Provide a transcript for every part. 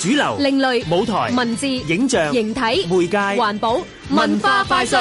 主流、另類、舞台、文字、影像、形體、媒介、環保、文化快訊。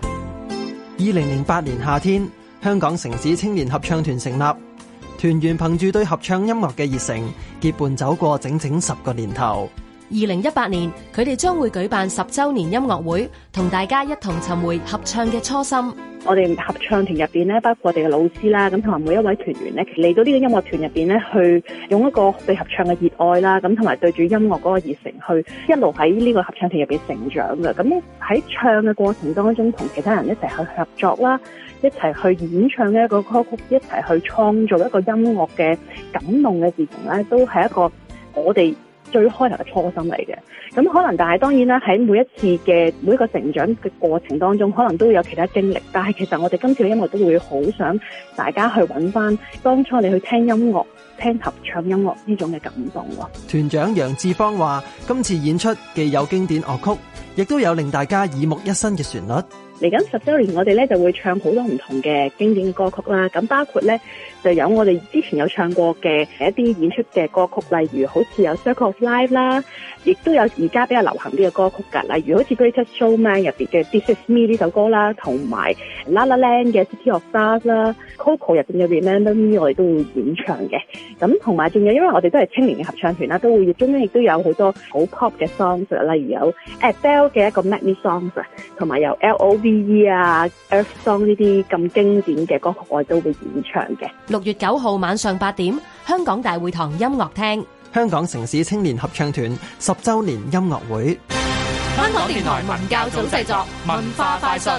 二零零八年夏天，香港城市青年合唱團成立，團員憑住對合唱音樂嘅熱誠，結伴走過整整十個年頭。二零一八年，佢哋將會舉辦十周年音樂會，同大家一同尋回合唱嘅初心。我哋合唱團入邊咧，包括我哋嘅老師啦，咁同埋每一位團員咧，嚟到呢個音樂團入邊咧，去用一個對合唱嘅熱愛啦，咁同埋對住音樂嗰個熱誠，去一路喺呢個合唱團入邊成長嘅。咁喺唱嘅過程當中，同其他人一齊去合作啦，一齊去演唱呢一個歌曲，一齊去創造一個音樂嘅感動嘅事情咧，都係一個我哋，最開頭嘅初心嚟嘅，咁可能但係當然啦，喺每一次嘅每一個成長嘅過程當中，可能都會有其他經歷。但係其實我哋今次嘅音樂都會好想大家去搵返當初你去聽音樂、聽合唱音樂呢種嘅感動喎。團長楊志芳話，今次演出既有經典樂曲，亦都有令大家耳目一新嘅旋律。嚟緊十周年，我哋咧就會唱好多唔同嘅經典嘅歌曲啦。咁包括咧就有我哋之前有唱過嘅一啲演出嘅歌曲，例如好似有 Circle of Life 啦，亦都有而家比較流行啲嘅歌曲㗎。例如好似 Greatest Showman 入面嘅 This Is Me 呢首歌啦，同埋 La La Land 嘅 City of Stars 啦，Coco 入面嘅 Remember Me 我哋都會演唱嘅。咁同埋仲有，因為我哋都係青年嘅合唱團啦，都會中間亦都有好多好 pop 嘅 songs，例如有 Adele 嘅一個 m a n e m Songs，同埋有 L O V B 啊，Earth Song，呢啲咁經典嘅歌曲，我都會演唱嘅。六月九號晚上八點，香港大會堂音樂廳，香港城市青年合唱團十周年音樂會。香港電台文教組製作，文化快訊。